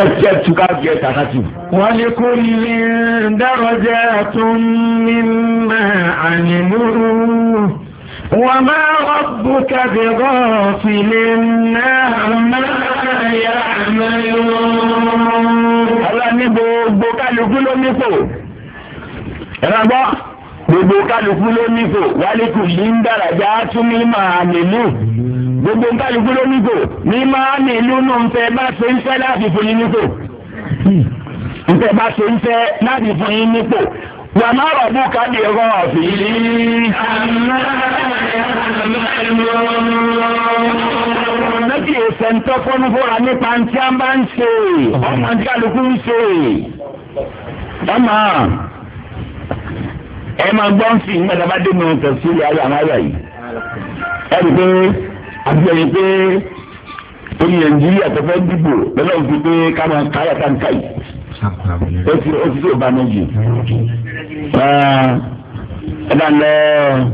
Ẹ̀jẹ̀ tún ká jẹ tàkàtì. Wọ́n lè kó lè dárọ̀jẹ́ tún mímọ́ ànímúrú. Wọ́n máa rọ́bù kàbí rọ́ọ̀fì lè náà máa yá mẹ́lú. Ọlọ́ni gbogbo kálukú ló nípò. Ẹ̀rọ gbọ́ gbogbo kálukú ló nípò. Wálé kù lè ń dárọ̀jẹ́ tún mímọ́ ànímúrú gbogbo nkálukú ló nígò ní máa ní ìlú náà ń fẹ́ bá ṣe ń fẹ́ láti fún yín nípò ń fẹ́ bá ṣe ń fẹ́ láti fún yín nípò wà má rọ̀ bú káàdì ẹ̀rọ ọ̀fìn. àmọ́ lọ́sì ìṣẹ̀ntọ́ fọ́nú fúnra nípa ntí a bá ń ṣe ọmọ nkálukú ń ṣe ọmọ ẹ máa gbọ́n sí ìgbàdàbádé mi ò tẹ̀sílẹ̀ ayé àwọn ayé yìí ẹ rí i pé àti ẹ̀yìn pé torí nàìjíríà tó fẹ́ dìbò lọ́lọ́run ti pé ká máa ká yàtá ń ká yìí ó ti ó ti tó bá mi ẹ bá lọ.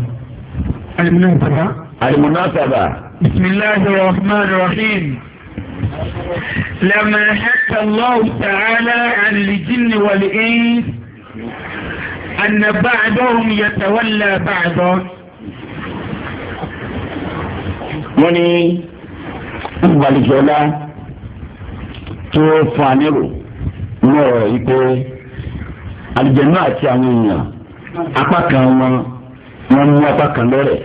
alimunasaba. alimunasaba. bisimilahi rahman rahim. لما حكى الله تعالى عن الجن والإنس أن بعضهم يتولى بعضا wọ́n ní ìgbàlejòlá tó fún anẹ́rò ní ọ̀rọ̀ yìí pé àlùjẹ̀nú àti àwọn èèyàn apá kan wọn wọn mú apá kan lọ́rẹ̀.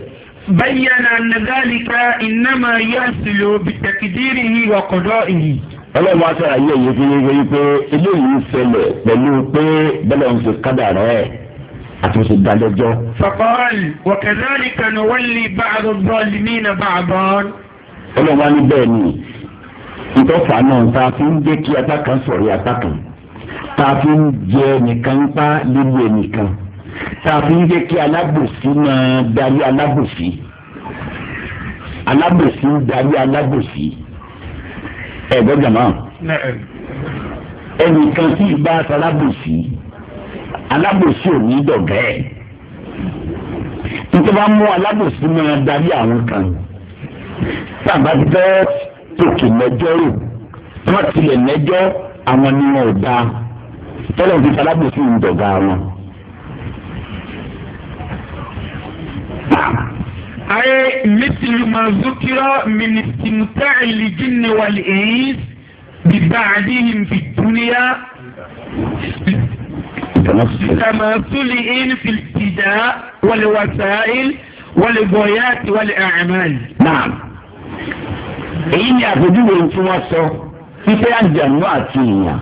bayyana anna dhalika innama yasilu bitakdirihi wa qada'ihi ọlọ́run aṣọ àyẹ̀yẹ̀ fi yẹ pé eléyìí ń ṣẹlẹ̀ pẹ̀lú pé bẹ́lẹ̀ ń ṣe kádà rẹ̀ àti bó ṣe dá lẹ́jọ́. fọkọ́ọ̀lù wọ̀kẹ́dọ́ọ̀lì kan wọ́n lè bá a bọ́ọ̀lù mí iná bá a bọ́ọ̀lù. ọlọ́run wá ní bẹ́ẹ̀ ni ìtọ́fà náà ta fi ń jẹ́ kí apá kan sọ̀rí apá kan ta fi ń jẹ ẹnìkan pa lílu ẹnìkan ta fi ń jẹ́ kí alábòsí máa darí alábòsí alábòsí darí alábòsí ẹ̀gbọ́n jàmá ẹnìkan tí ì bá aṣọ alábòsí alábòsí ò ní dọ̀gẹ́ ẹ̀ nítorí wọn mú alábòsí máa darí àwọn kan tàbá ti fẹ́ tòkè lẹ́jọ́ rò wọ́n tilẹ̀ lẹ́jọ́ àwọn ni wọn ò dáa tọ́lọ̀ ti alábòsí ń dọ̀gá wọn. ayé mẹsìlú máa zókírọ́ mínísítìmùtà ìlìjìnnì wàlẹ̀ èyí bíbá àdéhìn bìtúnìyà. بتماثله في الابتداء والوسائل والغايات والأعمال. نعم. èyí ni àpèjúwe tí wọ́n sọ fífẹ́ àjànú àti èèyàn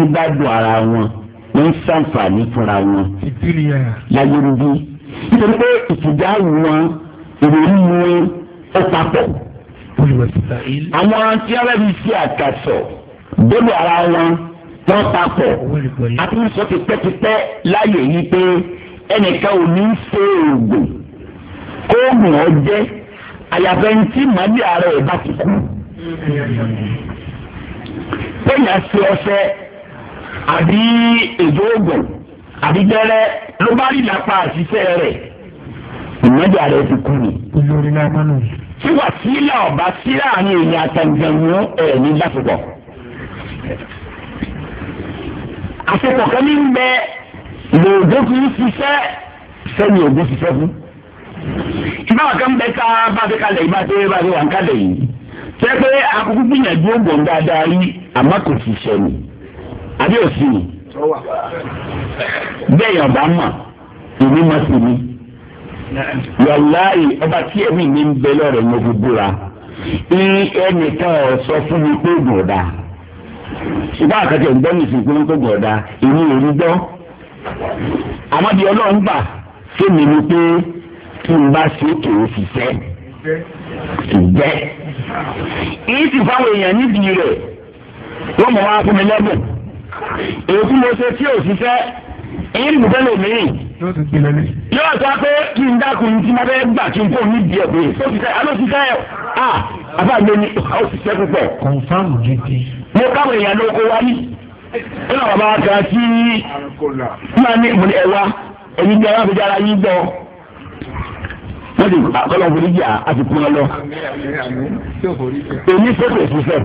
ń gbádùn ara wọn ń ṣàǹfààní fúnra wọn. láyérúbí nítorí pé ìtìjà wọn ìròyìn wọn ó papọ̀. àwọn tí wọ́n bá fi ṣe àkàsọ̀ gbọ́dọ̀ ara wọn tán papọ̀ àti sọ tipẹ́tipẹ́ láyè yìí pé ẹnìkan ò ní í ṣe oògùn oògùn ọjẹ́ àyàfẹ́ ní tí màálí ara ẹ̀ bá ti kú. péyà ṣe ọṣẹ àbí èdè oògùn àbí dẹ́rẹ́ ló bá rí lápá àṣìṣe rẹ̀ ìmọ̀lẹ́ ara ẹ̀ ti kú ni. olórí náà mọ́nà. tí wàsílà ọ̀bá sí láàrin èèyàn àtàǹgbẹ̀wò ẹ̀ ní lásìkò àsopọ̀ kan ní bẹ lòdò fi ń ṣiṣẹ́ sẹ́ni ògùn ṣiṣẹ́ fún. ìbáwọ̀ kan bẹ ká bá fi kalẹ̀ ìbá tó bá fi wà ń kalẹ̀ yìí tẹ́ pé akókó gbìyànjú ògbọ̀n dáadáa rí àmọ́ kò ṣiṣẹ́ ni àbí òsì ni bẹ́ẹ̀ yàn bá mà èmi má sí mi wàláì ọba tí ẹ̀mí mi ń bẹ lọ́rẹ̀ mo fi búra ní ẹnìkan sọ fún mi pé ògùn ọ̀dà. ṣùgbọ́n àkàtì òǹgbọ́ ní ìsìnkú ló ń tó gbọ̀ ọ̀dà gbọ́. àmọ́ di ọlọ́run gbà fèmí ni pé kí n bá ṣe kì í ṣiṣẹ́ ìgbẹ́. èyí sì fáwọn èèyàn nídìí rẹ̀ wọ́n mọ̀ wá fún mi lẹ́bùn. èkú mo ṣe tí ò ṣiṣẹ́ èyí ni bùkẹ́ lè mìíràn. yóò sọ pé kí n dákun mo káwọn èèyàn ló kó wáyé nínú àwọn bàbá kan tí máa ní ìmúlẹ̀ ẹ̀wá èyí ni ẹ̀wá fi dára yín gbọ́ wọ́n ti àkọ́lọ́ forí jà àti kún ọ lọ. èmi sọ́kè sísẹ́.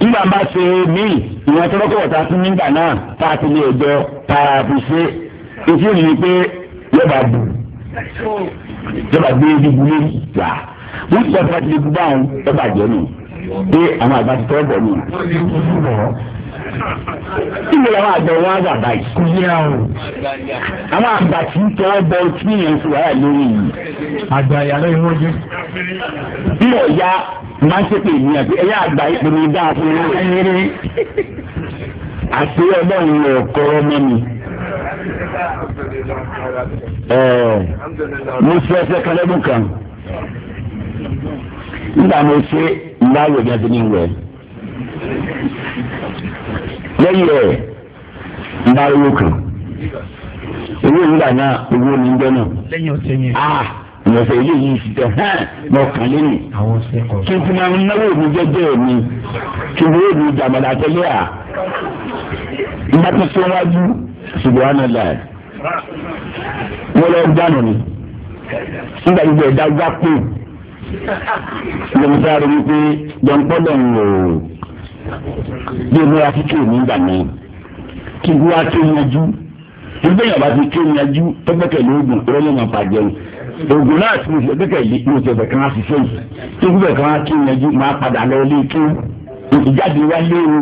nígbà bá ṣe míì ìwọ̀n tó lọ́kọ̀ wọ̀ta sí nígbà náà tá a ti lè jọ tá fi ṣe èsì ni pé yóò bá bù yóò bá gbé ibi bu lórí ìgbà wọ́n ti sọ́kùnrin ti gbogbo àwọn ẹ bàjẹ́ nù pé àwọn àgbà ti tọ́ bọ̀ nù. kí ni àwọn àgbà wọn àgbà báyìí. kò yẹ àwọn. àwọn àgbà ti ń tọ́ bọ tí yẹn ti wáyà lórí yìí. àgbà ìyàlẹ́ ìwọ́n jẹ́. mbọ̀ ya máa ń ṣépè ní àbí ẹ̀yà àgbà ìpinnu dáa fún mi. àti ọlọ́run lọ kọ́ ọmọ mi mo sọ ẹsẹ kalẹ kan nígbà mo ṣe ìgbà ayò ní wẹ̀ lẹ́yìn ẹ̀ ìgbà ayò kan owó ìgbà náà owó ní gbẹ́ náà lẹ́yìn ọ̀sẹ̀ yẹn ah, mo yìí ti tẹ̀ hàn kàn lé kí n náwó mi jẹ́jẹ́ mi kí n mi tẹ́lẹ̀ à tó ṣùgbọ́n àná lóun sáré wípé jọ̀ǹpọ̀lọ̀ ń lò ó bí ìmúra kíkè nígbà mi kí n wá tó yanjú nígbà yàrá bá ti tó yanjú tó gbẹ́kẹ̀lé oògùn tó lè máa bàjẹ́ oògùn náà ti fi gbẹ́kẹ̀lé mo ti ẹ̀bẹ̀ kan á tó gbẹ́kẹ̀ kan á tó yanjú máa padà lọ ilé tó ìjáde wálé o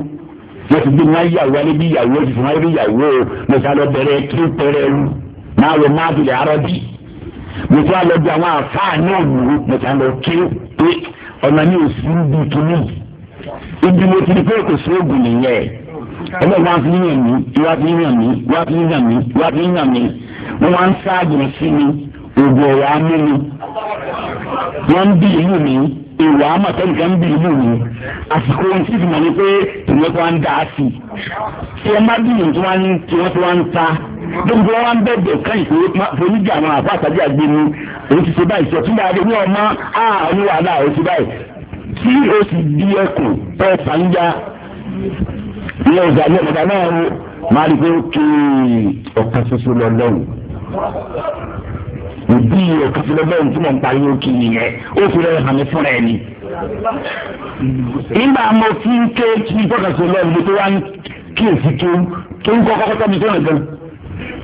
wọ́n ti gbé máa yàwó alẹ́ bí yàwó ti fún wa bí yàwó o mo sá mo ti wá lọ bí àwọn àfáà ní òwúrò mo ti lọ ké pé ọ̀nà mi ò sí bí kínní ibi mo ti di pé kò sí oògùn nìyẹn ọlọ́run wá fi yàn mí wá fi yàn mí wá fi yàn mí wá fi yàn mí wọ́n wá ń ṣáàjù sí mi ògùn ọ̀rọ̀ amú mi wọ́n ń bí ìlú mi ìwà àmọ̀tẹ́nìkan ń bí ìlú mi àsìkò ohun tí ìfìmọ̀ ni pé tòun tó wá ń dá sí i tí wọ́n bá bí ìlú tí wọ́n ti wá ń ta lóbi wọn wá ń bẹ̀bẹ̀ ká ìforíjì àwọn àfa àtàjì àgbẹ̀ ni òun ti ṣe báyìí sọ̀tún dáadé ní ọmọ àánú wàhálà òun ti báyìí tí o sì di ẹkùn pẹ́ fànjá ní ọjà ní ọjà náà ó máa rí pé ó kí ọ̀kan ṣoṣo lọ lọ́wọ́ òbí ọ̀kan ṣoṣo lọ lọ́wọ́ tí mo ń parí ó kí nìyẹn ó fi rẹ̀ hàn mí fúnra ẹ̀ ni nígbà mo fi ń ké kí n tọ́ka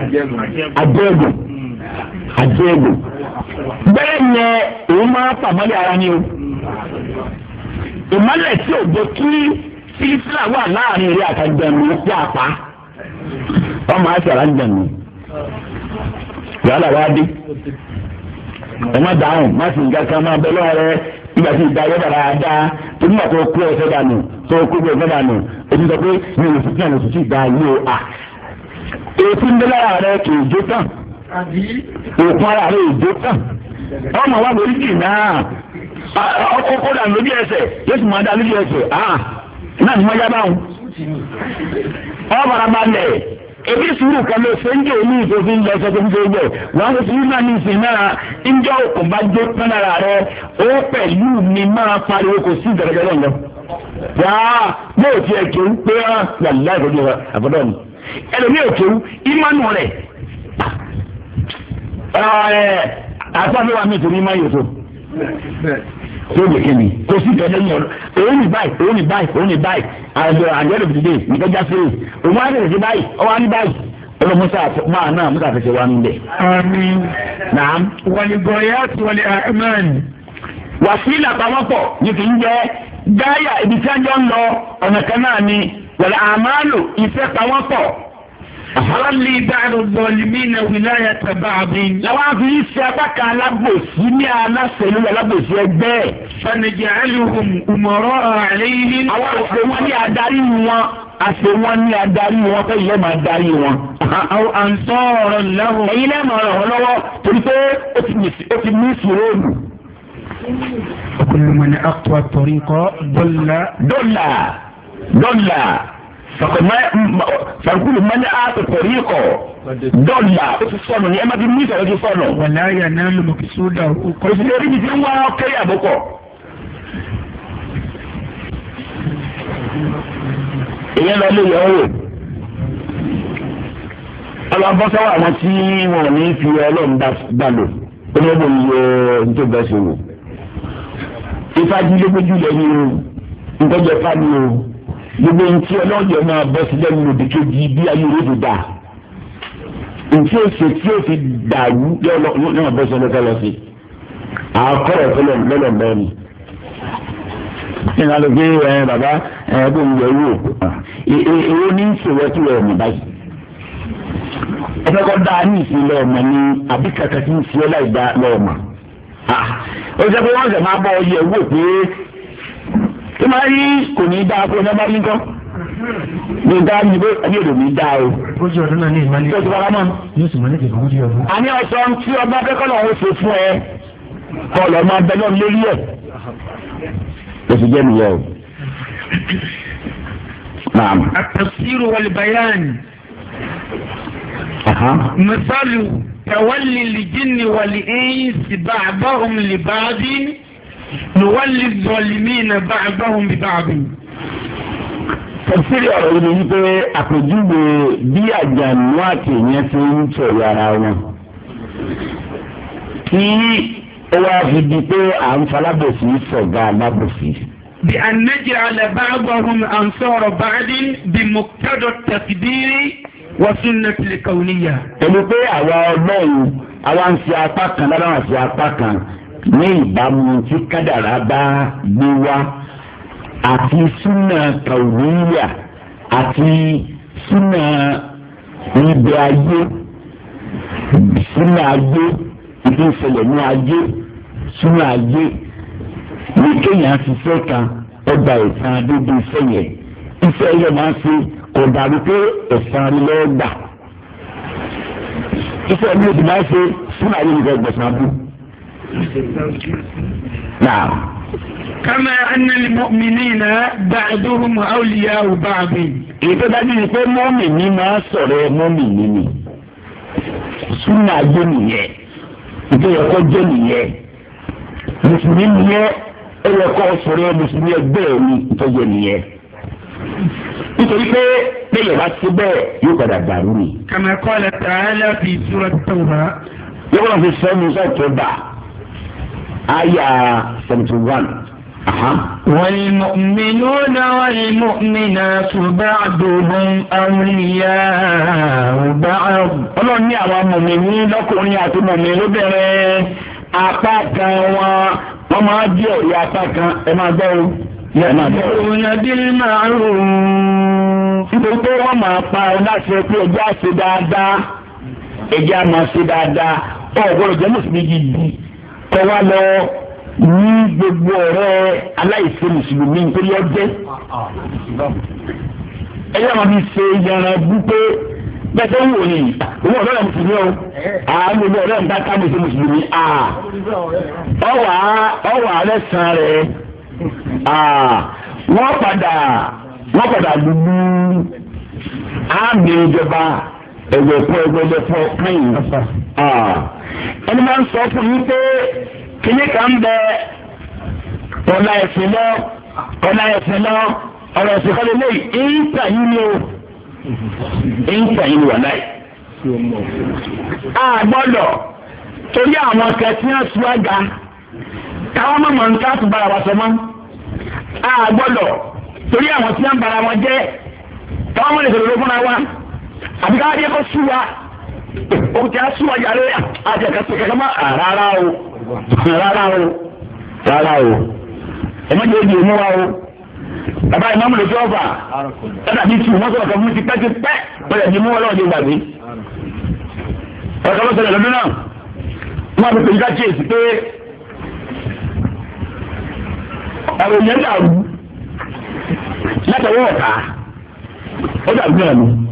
àjẹ́gù àjẹ́gù bẹ́ẹ̀ yẹn òun máa pàmọ́lẹ̀ ara ni o ìmọ̀lẹ̀ tí o jẹ́ kí sísílà wà láàrin eré àtàjẹ̀mú sí apá ọmọ àti àlájẹ̀mú yàrá wa dé ẹ má dáhùn má sì ń ga kan máa bẹ lọ́wọ́ nígbà tí ìgbà bàrà kú dànù tó kú èsì ń bẹ lára rẹ kì í jó tán òkun ara rẹ ìjó tán ọmọ wa lórí kì náà ọkọ lójú ẹsẹ̀ yóò máa dá lójú ẹsẹ̀ náà ni wọn yá báwọn. ọbàrà balẹ̀ ebi sùúrù kan ló ṣe ń jẹ́ omi ìfòfin lọ sọ fi náà ní ìsìn náà òkun bá jó tán lára rẹ ó mi máa pariwo kò sí yàrá pé fojú mi. ẹlòmí ò kéwú ìmánu rẹ̀ àtàwọn àmì ìtòmí máa yòókù tó lè kéde kò sí ìtọ́jú ẹ̀yìn ọ̀rọ̀ èyí ni báyìí èyí ni báyìí ni báyìí àjọ àjọ ẹ̀dọ̀ fìdíde nìkan já sí èyí òun á tẹ̀lé sí báyìí ọwọ́ á ní báyìí musa máa náà musa fẹsẹ̀ wá nílẹ̀. àmín. naam. amen. pamọ́pọ̀ kì í jẹ́ gáyà ibi tí a jọ ń ni wọ̀lẹ̀ àmàlù ìfẹ́ pàwọ́ pọ̀. wọ́n lè dàrú bọ̀lì mí na wìláyà tẹ̀bà àbí. làwọn afi ṣe apákan alábòsí ní aláṣẹ ìlú alábòsí ẹgbẹ́ ẹ̀. fanijì àlùhùn ùmọ̀rọ̀ àlẹ́yìn. àwọn àṣewọ́n ní adarí wọn àṣewọ́n ní adarí wọn fẹ́ yẹ máa darí wọn. àwọn àǹsọ̀ ọ̀rọ̀ lọ́wọ́. ẹ̀yin lẹ́ẹ̀ máa ràn lọ́wọ́ torí pé ó ti mú sùúrù. ọkùnrin mọ̀ ní dọ́là fàkúlù mọ́ni àtò pẹ̀lú ikọ̀ dọ́là ó ti sọnù ní ẹ̀ma ti mú ìsọ̀rọ̀ ti sọnù. wàlá yà náà lòmù kì sódà ó kọ́. kò sí lórí ibi tí ń wá kéré àbúkọ. ìyẹn lọ lè yọ ọ wò alábọ́sọ́wọ́ àwọn tí wọ́n ní fi ọlọ́run dá lò olóògbé yọ nítorí bẹ́ẹ̀ ṣe wò ìfájú lógójú lẹ́yìn o nǹkan jẹ fáni o gbogbo ntí ọlọ́jọ́ máa bọ́ sílẹ̀ nínú òdìkejì bí ayé rẹ̀ ti dà ntí òsè tí ó fi dàrú yóò bọ́ sílẹ̀ kọlọ sí àkọrọ̀ fẹlẹ̀ lọ́lọ́ mẹ́rin ìnáwó gbé ẹ bàbá ẹ bò ń yẹ wò èwo ní ìṣèwẹ́tìwẹ̀ ọ̀nà báyìí ọ̀fẹ́kọ̀ dáa ní ìsìn lọ́ọ̀mà ni àbí kàkà tí ń fi ọ́ láì dá lọ́ọ̀mà ah, ó jẹ́ pé wọ́n ṣẹ̀ máa bọ́ ọ yẹ̀ wò pé tí máa rí kò ní í dáa fún ọmọ bá rí nǹkan ní ìdá ní ìbò ayé rò ní dáa o. ojú ọdún náà ní ìmọ̀lẹ́ ojú ọdún náà yóò sì mọ̀lẹ́ kẹ̀kẹ́ ojú ọdún. àní ọ̀sọ́ tí ọba akẹ́kọ̀ọ́ ọ̀hún ṣe fún ẹ kọ́ lọ́ọ́ máa bẹ lọ́ọ́ lórí ẹ̀. o ti jẹ́ nìyẹn o. àtàkùsírù wal bayan. mẹ́sàlù tawalli lìjìnnì wal insi ba'dahum li ba'din nùwálì zọlìmí na bá agbáhùn bíbá àbí. tẹ̀sílẹ̀ ọ̀rọ̀ yìí ni pé àpèjúwe bí àjànú àti ìyẹn ti ń sọ̀rọ̀ ara wọn. kí ó wá fi di pé à ń falábòsí sọ̀gá alábòsí. bí anájẹ́ alẹ́ bá agbáhùn ànsọ̀rọ̀ báadí bí mọ̀kádọ̀ tẹ̀síbírí wọ́n sún náà tilẹ̀ níyà. pẹ̀lú pé àwa ọlọ́run àwa ń ṣe apá kan lára wọn ṣe apá kan ní ìbámu tí kádàrá bá gbé wá àti súnà kàwéyà àti súnà ibẹ̀ ayé súnà ayé ibi ìṣẹ̀lẹ̀ ní ayé súnà ayé ní kéèyàn ṣiṣẹ́ kan ọgbà ìsan dédé iṣẹ́ yẹn iṣẹ́ yẹn máa ń ṣe kò dàbí pé ẹ̀san rí lọ́ọ́ gbà iṣẹ́ máa ń ṣe súnà ayé nìkan ìgbẹ̀sán abúlé. نعم كما أن المؤمنين بعضهم أولياء بعض ètò dájú ni pé mọ́mì ni máa sọ̀rọ̀ mọ́mì ni ni súnà ayé nìyẹn ètò ẹ̀kọ́ jẹ́ nìyẹn mùsùlùmí nìyẹn ẹ̀yẹ̀kọ́ sọ̀rọ̀ mùsùlùmí ẹgbẹ́ mi ìtọ́jẹ́ nìyẹn nítorí pé bẹ́ẹ̀ bá ti bẹ́ẹ̀ yóò padà dàrú ni. kàmẹ́kọ́ lẹ́tà ẹ̀ lẹ́bi ìṣúra tó bá. yóò wọ́n fi sọ́ọ́ mi sọ́ọ́ tó bá aya seventy one. والمؤمنون والمؤمنات بعضهم أولياء بعض ọlọ́run ní àwọn mọ̀mìnì lọ́kùnrin àti mọ̀mìnì lóbìnrin apá kan wọn wọ́n máa jẹ́ òye apá kan ẹ máa gbọ́ o. ìròyìn bíi máa rò ó. nítorí pé wọ́n máa pa ọ láti ṣe pé ẹjẹ́ àṣe dáadáa ẹjẹ́ àmọ́ ṣe dáadáa ọ̀ gbọ́dọ̀ jẹ́ mùsùlùmí yìí tọ́wá lọ ní gbogbo ọ̀rẹ́ aláìsí mùsùlùmí nítorí ọjẹ́ ẹ̀yà wọn fi ṣe yàrá wípé bẹ́ẹ̀ tó wù ní owó ọ̀rẹ́ mùsùlùmí o àánú owó ọ̀rẹ́ nǹkan ká mùsùlùmí mùsùlùmí à ọwà ọwà alẹ́ san rẹ̀ à wọ́n padà wọ́n padà lulú àmì ìjọba ẹ̀wẹ̀ fún ẹgbẹ́ lẹ́fọ́ káyìn. ẹni máa ń sọ fún yín pé kíní kan bẹ ọ̀la ẹ̀sìn lọ ọ̀la ẹ̀sìn lọ ọ̀rọ̀ ẹ̀sìn kan lélẹ̀ èyí tà yín ni o èyí tà yín ni wà láì. a gbọ́dọ̀ torí àwọn kẹtí náà sún àga káwọn mọ̀mọ́ ń káàtó bára wa sọ mọ́ a torí àwọn tí wọ́n bára wọn jẹ́ káwọn mọ̀ lè sọ̀rọ̀ ló fúnra wa àbí ká yẹ kó sú wa òun ti á sú wa yàrá àti ẹ̀ka tó kẹ̀kẹ́ mọ́ ah, rárá o rárá o rárá o ẹ má jẹ́ èdè mú wa o bàbá yìí mọ́mú lójú ọ̀fà ẹ̀dá bíi tù wọ́n sọ̀rọ̀ kan fún mi ti pẹ́ ti pẹ́ bọ́lá ẹ̀dì mú wa lọ́wọ́ ní gbàgbé ọ̀rọ̀ kan lọ́sọ̀rọ̀ lọ́dún náà wọ́n á fi pèjì ká kíyèsí pé àwọn èèyàn dàrú látọwọ́ ọ̀tá ó dàrú náà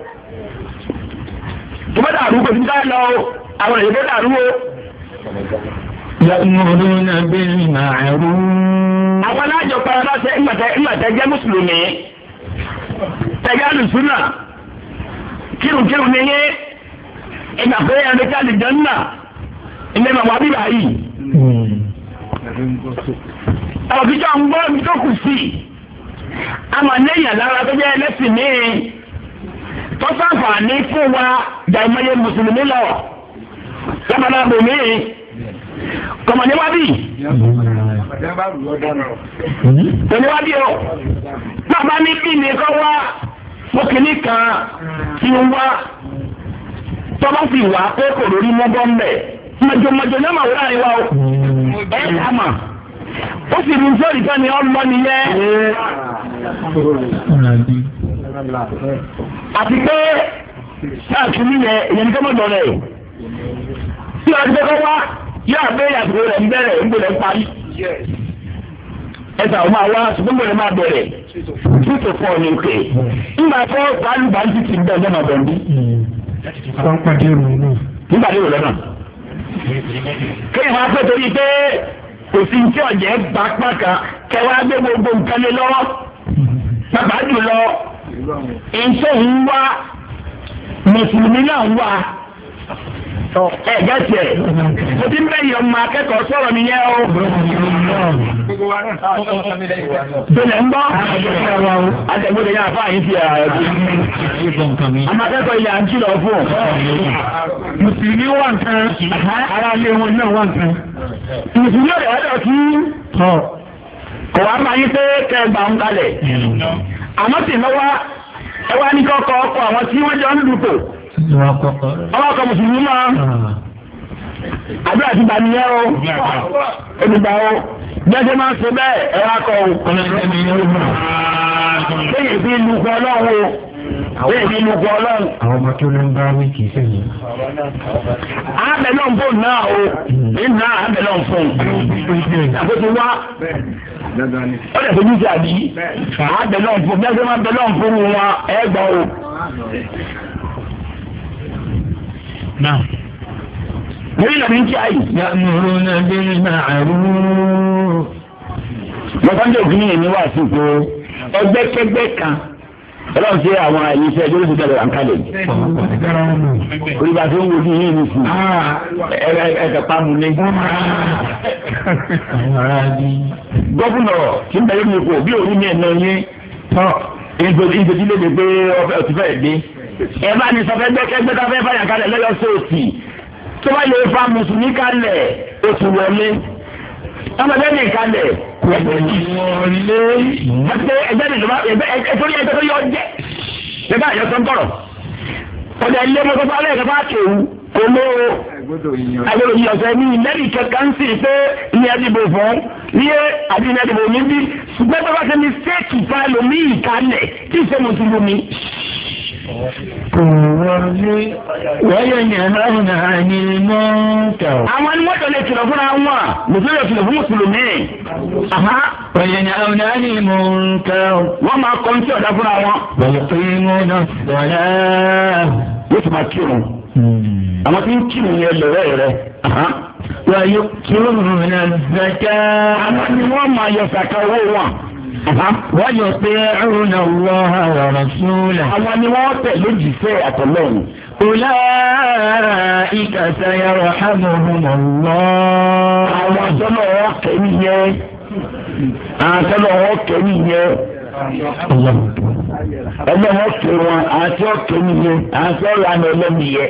tó bá dàrú kò sí báyìí lọ o àwọn èyí bó dàrú o. yàtúmọ̀lúnà bẹ́ẹ̀ máa rú. àwọn alájọ para lọ́sẹ̀ ńgbàtẹ́ jẹ́ mùsùlùmí tẹ̀gẹ́ àlùsùnà kírùkírù ní yé ìgbà pé lè màmá bíbá yìí. ń gbọ́ tó kù sí i. a máa lẹ́yìn àlára tó jẹ́ ẹlẹ́sìn tọ́sàfà ní fún wa jàmọ́yé mùsùlùmí lọ lọ́mọdé àbòmí kọmọdé wá bì oníwádìí o bàbá ní kí ni kọ́ wá mọ́kìnní kan ti ń wá tọ́ba sì wà pé kò lórí mọ́gbọ́n bẹ̀ mọ̀jọ̀mọ̀jọ̀ ní ọmọ wúrà yìí wá o ẹ̀ ẹ̀ àmà ó sì ní sọ́ọ̀rì kan ni ọ́ lọ nìyẹn àti pé sáàtì níyẹn èyàn ní kọ́mọ̀dọ̀ rẹ̀ tí wọ́n ti kọ́ wá yóò àgbẹ̀ àsìkò rẹ̀ ń bẹ̀rẹ̀ ń gbọ́dọ̀ ń parí. ẹ̀sà ọmọ àwa ṣùgbọ́n gbọ́dọ̀ máa bẹ̀rẹ̀ two to four ní nkè ńgbà tó pàálù bàǹtì ti ń bẹ̀ ọjọ́ màbọ̀ ń nígbà tí ìrọ̀lẹ́ kéèyàn wá pẹ́ torí pé kò sí tí ọ̀jẹ̀ gbà pàkà kẹwàá gbé iṣẹ́ yìí wá mùsùlùmí náà wá ẹ gẹ́sẹ̀ mo ti ń bẹ̀ yọ ọmọ akẹ́kọ̀ọ́ sọ̀rọ̀ mi yẹ o. bẹ̀rẹ̀ ń bọ́ àtẹ̀gbọ́dẹ̀ yà fáyì fi àyẹ̀kọ́. àmọ́ akẹ́kọ̀ọ́ ilẹ̀ à ń kìlọ̀ fún ọ. mùsùlùmí wà nǹkan ara ilé wọn náà wà nǹkan. mùsùlùmí ọ̀rẹ́ wájú ọ̀tún. kọ̀ wá máa yí pé kẹ́ ẹ gbà ń kalẹ̀. àmọ́ sì lọ́wọ́ ẹ wá ní kọ́kọ́ ọkọ̀ àwọn tí wọ́n jọ ń dupò ọkọ̀ mùsùlùmí máa àbí àti ìbànújẹ́ o olùgbà o gbẹ́sẹ̀ máa ń sọ bẹ́ẹ̀ ẹ wá kọ́ o. ọlọ́run ẹni ló ọlọ́run o. èyí ló gbọ́ ọlọ́run. àwọn ọmọ tó ló ń bá wí kì í sẹ́yìn. àbẹ̀lọ́n fún náà o hmm. nínú fún wá ó lè bí fún wọn o. Lórí ìlànà ń kí ayé. Yàmùrún náà bí màá rú. Mo òfin kan. ọlọ́run ṣe àwọn ìṣe ẹjọ́ lóṣù tẹ̀lé àǹkálẹ̀ yìí olùbá tó ń wo bí yín nìsín ah. ẹ̀ẹ́dẹ̀ pàmò ní. gọ́fúnà tí ń bẹ̀rẹ̀ mi kò bí òun ní ẹ̀nà yín ìgbòdì lè dé pé ọtí fẹ́ẹ̀ dé ẹ bá ní sọ fẹ́ gbẹ́gbẹ́ tá fẹ́ fàyà kalẹ̀ lọ́yọ́ sóòtì tó bá lè fa mùsùlùmí kalẹ̀ oṣù wọlé ọmọdé nìkalẹ̀ ọ̀dà ilé mọ́tòfà lẹ́ẹ̀kan bá kéwù kò lóo agbọ́dọ̀ ìyọ̀sẹ̀ ní ìlẹ́rìí kankan sí i pé ní ẹ̀dìbò fún ní àbí ní ẹ̀dìbò níbí ṣùgbọ́n bàbá ṣe ní sẹ́ẹ̀kì fáìlì omi ìkàlẹ̀ tí ìṣe mùsùlùmí. وينهون عن المنكر àwọn ni wọ́n tẹ̀lé kìlọ̀ fúnra wọn mùsùlùmí ò kìlọ̀ fún mùsùlùmí. وينهون عن المنكر wọ́n máa kọ́ ní tí ọ̀dà fúnra wọn. ويقيمون الصلاة. yóò ti máa kírun hmm. àwọn tí ń kírun yẹn lọ́rẹ́ rẹ̀ wọ́n yóò kírun ní zaka. àwọn ni wọ́n máa yọ zaka owó wọn wọ́n yọ pé ẹ̀rù náà wọ́ ọ̀rọ̀ súnlẹ̀. àwọn ni wọ́n tẹ̀ lójijì àtọ̀lọ́run. أولئك سيرحمهم الله àwọn sọ́nà ọ̀kẹ́ nìyẹn àwọn sọ́nà ọ̀kẹ́ nìyẹn ọlọ́wọ́ kẹ́ wọn àti ọ̀kẹ́ nìyẹn àti ọ̀lànà ọlọ́mìyẹ.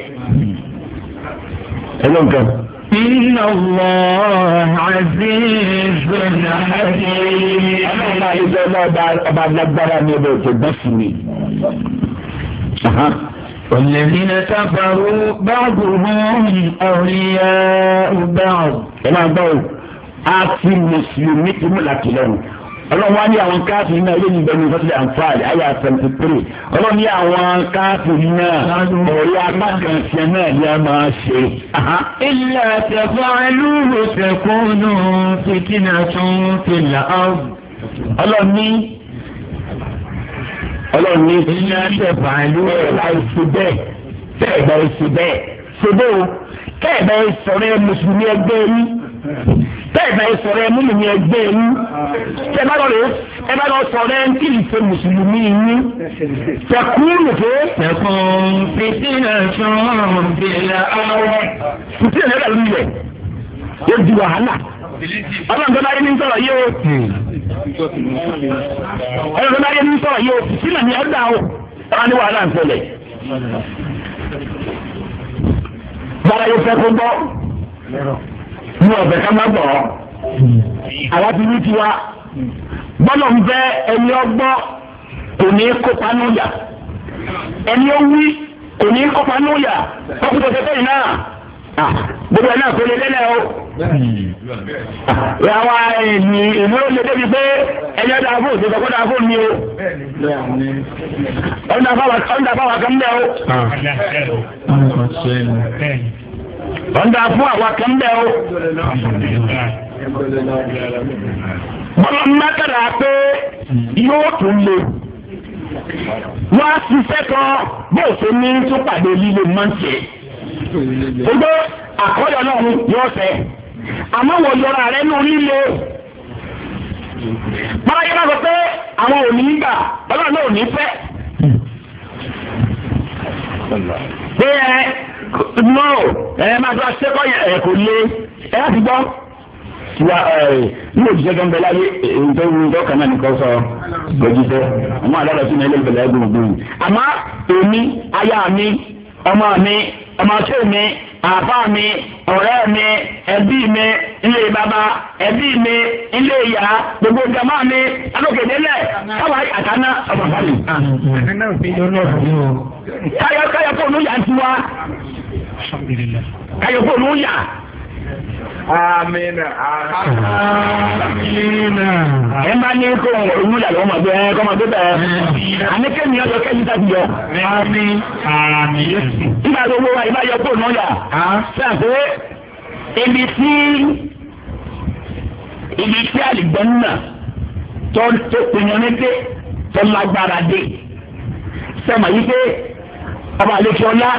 ẹlọ́nkàn. إن الله عزيز حكيم أنا عايز الله بعد نقدر أن يبوت بسمي والذين كفروا بعضهم أولياء بعض. أنا أقول àti mùsùlùmí ti mú ọlọ́run wá ní àwọn káàfìrí náà lẹ́yìn ìbẹ̀rù ìfọ́sílẹ̀ àǹfààní àyà seventy three ọlọ́run ní àwọn káàfìrí náà ọ̀rẹ́ apákànṣe náà ni a máa ṣe. ilẹ̀ àtẹ̀fọ́ ẹlúwo tẹ̀kúnnù fìtínà tún fìlà áwù. ọlọ́run ní ọlọ́run ní ilẹ̀ àtẹ̀fọ́ ẹlúwo láìsí bẹ́ẹ̀ tẹ́ẹ̀ bá ẹ ṣe bẹ́ẹ̀ ṣe bẹ́ẹ̀ o tẹ́ẹ̀ bá ẹ sọ̀rọ̀ tẹ́ẹ̀bà ìsọ̀rọ̀ ẹ̀mú mi ẹgbẹ́ ẹ̀mú tẹ́ẹ̀bà lọ́rẹ̀ ẹ̀bà lọ sọ̀rọ̀ ẹ̀ ń kí ìfẹ́ mùsùlùmí yín tẹ̀kúrú pé. tẹ̀kùn fìtínà sọ̀rọ̀ bìlà ọ̀rọ̀. fìtínà yẹn lórí rẹ̀ ó di wàhálà ọlọ́run tó bá yẹ ní sọ̀rọ̀ yìí o ọlọ́run tó bá yẹ ní sọ̀rọ̀ yìí o fìtínà ni ẹ̀ dà o ọ̀rọ̀ ni wàhálà ń ṣẹlẹ̀ bára ní ọ̀bẹ ká má gbọ́ àwa ti rí tiwa gbọ́dọ̀ ń bẹ ẹni ọgbọ́ kò ní kópa núyà ẹni owí kò ní kópa núyà ọkùnrin tẹ̀sẹ̀ bẹ́ẹ̀ náà gbogbo ẹ̀ náà kò lè lélẹ̀ o. Ìyàwó ẹ̀yìn ìlú ó lè débi pé ẹ̀yọ́ dáa fún òṣèlú ọkọ̀ dáa fún mi o. Ọ̀ndà fáwọn kan bẹ́ẹ̀ o. Ah. ọ̀dà fún àwa kan bẹ́ẹ̀ o. bọ́lá mẹ́tàlá pé yóò tún wá ṣiṣẹ́ kan bó ṣe ní tún pàdé lílo mọ́ǹtì. gbogbo náà fẹ́ àmọ́ wọ́n yọra rẹ̀ lílo mọ́láyé bá sọ pé àwọn ò ní gbà ọlọ́run náà ò ní fẹ́. pé ẹ. no ẹ máa tó aṣẹ́kọ̀ yẹn ẹ kò lé ẹ láti gbọ́ wa ní òjijì tó ń bẹ láyé ntọ́ ntọ́ kan náà nìkan sọ òjijì àwọn àdàlọ́ sí ní ẹlẹ́gbẹ̀lẹ́ gbogbo àmọ́ èmi aya mi ọmọ mi ọmọ tó mi àfa mi ọ̀rẹ́ mi ẹbí mi ilé baba, ẹbí mi ilé ìyá gbogbo jama mi alókèdélẹ̀ káwa àtàná ọmọ fàlì. káyọ̀ káyọ̀ fóònù yà ń tiwa káyọ̀ fóònù yà. Amina. Amina. Ẹ máa ní kó òun yà lọ́wọ́ màgbé ẹ kọ́ màgbé bẹ́ẹ̀. Àní kémi ọjọ́ kẹ́mi tá ti yọ. Ami. Ami. Nígbà tó wọ́n wa ìbá yọ kó náà yà. Sáà pé ibi tí ibi tí àlìgbọ́nà tó tó pinnu ní dé tó lágbára dé. Sẹ́mi yí pé ọba àlejò ọlá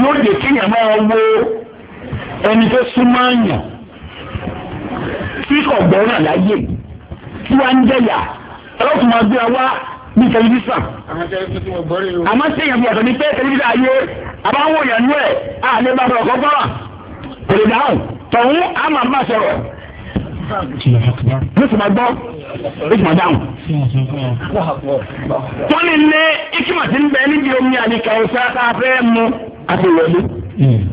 yóò dé kéèyàn máa wo. ẹni tó súnmọ́ àyàn tí kò gbọ́ràn láyè tí wàá ń jẹ̀yà ọlọ́kùnrin máa gbé wa ní tẹlifíṣàn. àmọ́ sèyàn bí ọ̀sán ní pé tẹlifíṣàn ayé yẹn ẹ̀ bá kọ́kọ́ rà kò lè dáhùn tọ̀hún bá sọ̀rọ̀. gbọ́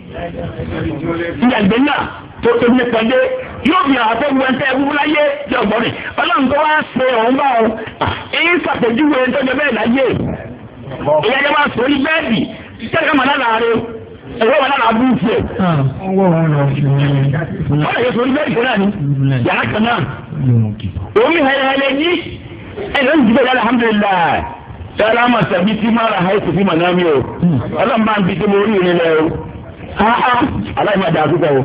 ìyàgbé náà tó tóbi ní pàdé yóò fi àwọn àtẹ̀wé ẹ̀ńtẹ́ ẹ̀wúwú láyé jẹ́ ọ̀gbọ́n rẹ̀ ọlọ́run tó wá ṣe ọ̀hún bá ọ èyí ah, ṣàpèjúwe tọ́jọ́ bẹ́ẹ̀ láyé bẹ́ẹ̀dì ẹ̀rọ wà wọ́n lè yẹ bẹ́ẹ̀dì yàrá kan náà yí ẹ̀rọ yàrá aláìmọ̀ àdá àkúkọ̀ o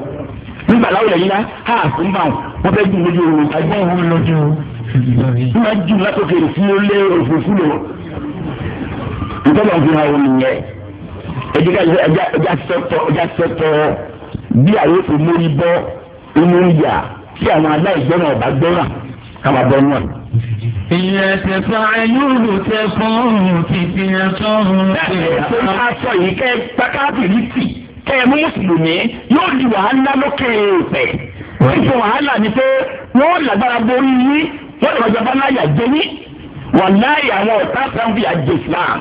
nígbà láwùjọ yìí ná ha ń bá wọn fẹ́ jù lójú ooru. àgbọ̀n wo lójú ooru. nígbà jù látòkè fún olé òfurufú lò ntọ́lọ̀ fi hàn wọn nìyẹn ẹjẹ ká ẹjẹ sẹtọ ẹjẹ sẹtọ bí àwọn ètò mórí bọ́ inú ìyà tí àwọn aláìgbọ́nà ọ̀bá gbọ́nà káwọn abọ́ náà. Ìyẹ̀sẹ̀ fàáyúrù tẹ fún òun fìfìyàn tó ń ṣe. Bẹ́ẹ̀ni, àṣọ yìí kẹ́ pátákì ní tì tẹ̀mú mùsùlùmí yóò di wàhálà lókè èèpẹ̀. ìfọ wàhálà ni pé wọ́n lágbára borí yín wọ́n lè wájú abáláyà jẹ́ yín wàláyé àwọn ọ̀tá sanfi àjẹ islam.